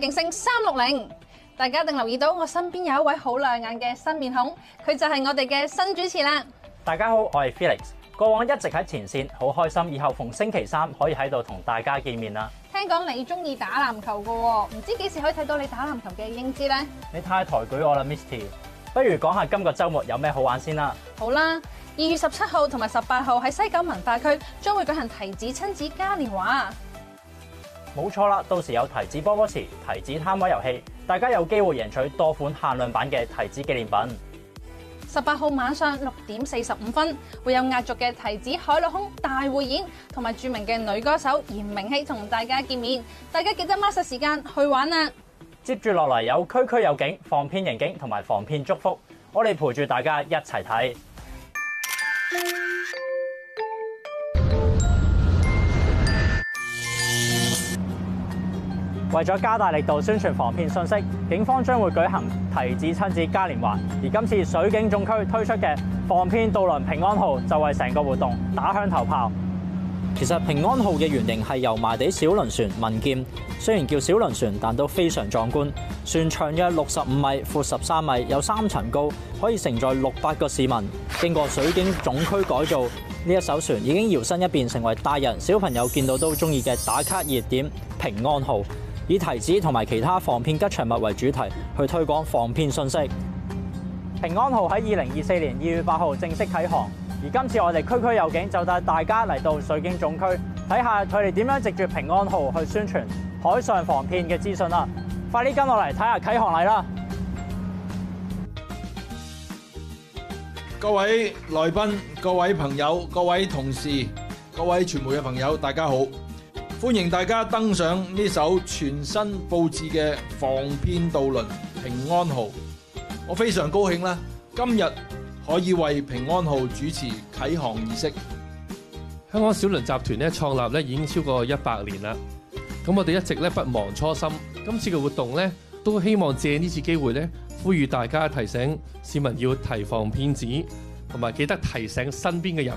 警聲三六零，大家一定留意到我身邊有一位好亮眼嘅新面孔，佢就係我哋嘅新主持啦。大家好，我係 Felix，過往一直喺前線，好開心，以後逢星期三可以喺度同大家見面啦。聽講你中意打籃球嘅，唔知幾時可以睇到你打籃球嘅英姿呢？你太抬舉我啦，Misty，不如講下今個周末有咩好玩先啦。好啦，二月十七號同埋十八號喺西九文化區將會舉行提子親子嘉年華。冇錯啦，到時有提子波波池、提子攤位遊戲，大家有機會贏取多款限量版嘅提子紀念品。十八號晚上六點四十五分，會有壓軸嘅提子海陸空大匯演，同埋著名嘅女歌手嚴明熙同大家見面，大家記得撥實時間去玩啦。接住落嚟有區區有警、防騙刑警同埋防騙祝福，我哋陪住大家一齊睇。嗯為咗加大力度宣傳防騙信息，警方將會舉行提子親子嘉年華。而今次水警總區推出嘅防騙渡輪平安號，就為成個活動打響頭炮。其實平安號嘅原型係油麻地小輪船民劍，雖然叫小輪船，但都非常壯觀。船長約六十五米，闊十三米，有三層高，可以承載六百個市民。經過水警總區改造，呢一艘船已經搖身一變成為大人小朋友見到都中意嘅打卡熱點平安號。以提子同埋其他防騙吉祥物為主題，去推廣防騙信息。平安號喺二零二四年二月八號正式啟航，而今次我哋區區有警就帶大家嚟到水警總區，睇下佢哋點樣藉住平安號去宣傳海上防騙嘅資訊啦！快啲跟我嚟睇下啟航禮啦！各位來賓、各位朋友、各位同事、各位傳媒嘅朋友，大家好！歡迎大家登上呢首全新佈置嘅防騙渡輪平安號，我非常高興啦！今日可以為平安號主持啟航儀式。香港小輪集團咧創立咧已經超過一百年啦，咁我哋一直咧不忘初心。今次嘅活動咧都希望借呢次機會咧，呼籲大家提醒市民要提防騙子，同埋記得提醒身邊嘅人。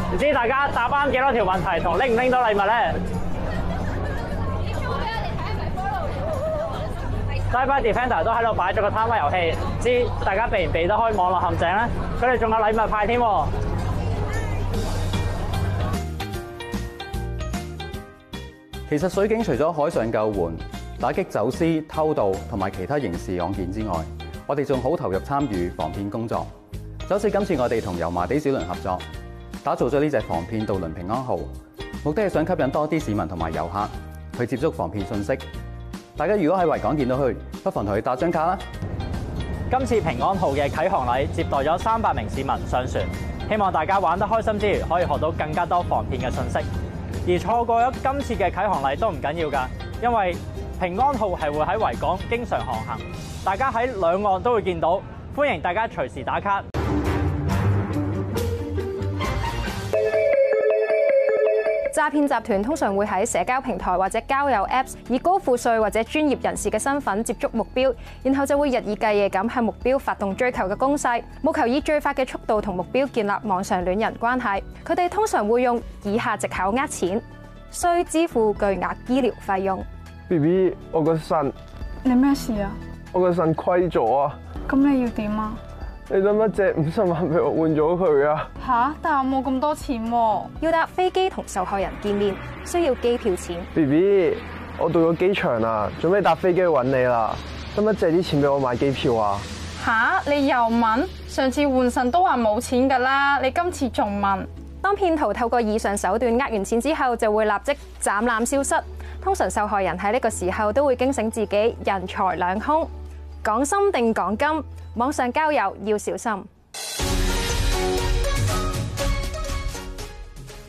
唔知大家答翻幾多條問題，同拎唔拎到禮物咧？Cyber Defender 都喺度擺咗個攤位遊戲，知大家避唔避得開網絡陷阱咧？佢哋仲有禮物派添喎。其實水警除咗海上救援、打擊走私、偷渡同埋其他刑事案件之外，我哋仲好投入參與防騙工作。就好似今次我哋同油麻地小輪合作。打造咗呢隻防騙渡輪平安號，目的係想吸引多啲市民同埋遊客去接觸防騙信息。大家如果喺維港見到佢，不妨同佢打張卡啦。今次平安號嘅啟航禮接待咗三百名市民上船，希望大家玩得開心之餘，可以學到更加多防騙嘅信息。而錯過咗今次嘅啟航禮都唔緊要㗎，因為平安號係會喺維港經常航行，大家喺兩岸都會見到，歡迎大家隨時打卡。詐騙集團通常會喺社交平台或者交友 Apps 以高富帥或者專業人士嘅身份接觸目標，然後就會日以繼夜咁向目標發動追求嘅攻勢，務求以最快嘅速度同目標建立網上戀人關係。佢哋通常會用以下藉口呃錢：需支付巨額醫療費用。BB，我個腎，你咩事啊？我個腎虧咗啊！咁你要點啊？你得乜借五十萬俾我換咗佢啊？吓，但我冇咁多錢啊，要搭飛機同受害人見面，需要機票錢。B B，我到咗機場啦，準備搭飛機去揾你啦，得乜借啲錢俾我買機票啊？吓，你又問？上次換腎都話冇錢噶啦，你今次仲問？當騙徒透過以上手段呃完錢之後，就會立即斬纜消失。通常受害人喺呢個時候都會驚醒自己，人財兩空。講心定講金，網上交友要小心。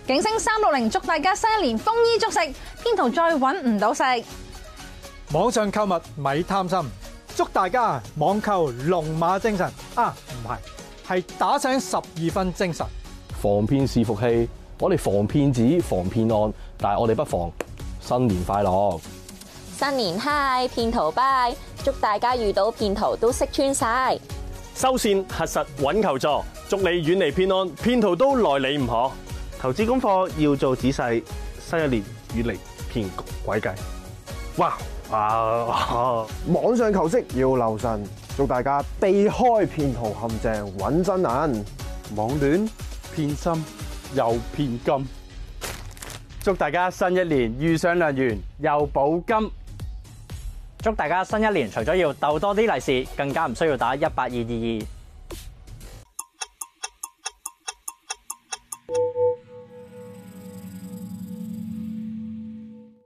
警聲三六零祝大家新一年豐衣足食，騙徒再搵唔到食。網上購物咪貪心，祝大家網購龍馬精神。啊，唔係，係打醒十二分精神。防騙是福氣，我哋防騙子、防騙案，但係我哋不妨新年快樂，新年嗨，騙徒拜。Bye. 祝大家遇到騙徒都識穿晒，收線核實揾求助，祝你遠離騙案，騙徒都耐你唔可。投資功課要做仔細，新一年遠離騙局詭計。哇！啊！網上求職要留神，祝大家避開騙徒陷阱，揾真銀。網戀騙心又騙金，祝大家新一年遇上良緣又保金。祝大家新一年，除咗要逗多啲利是，更加唔需要打一八二二二。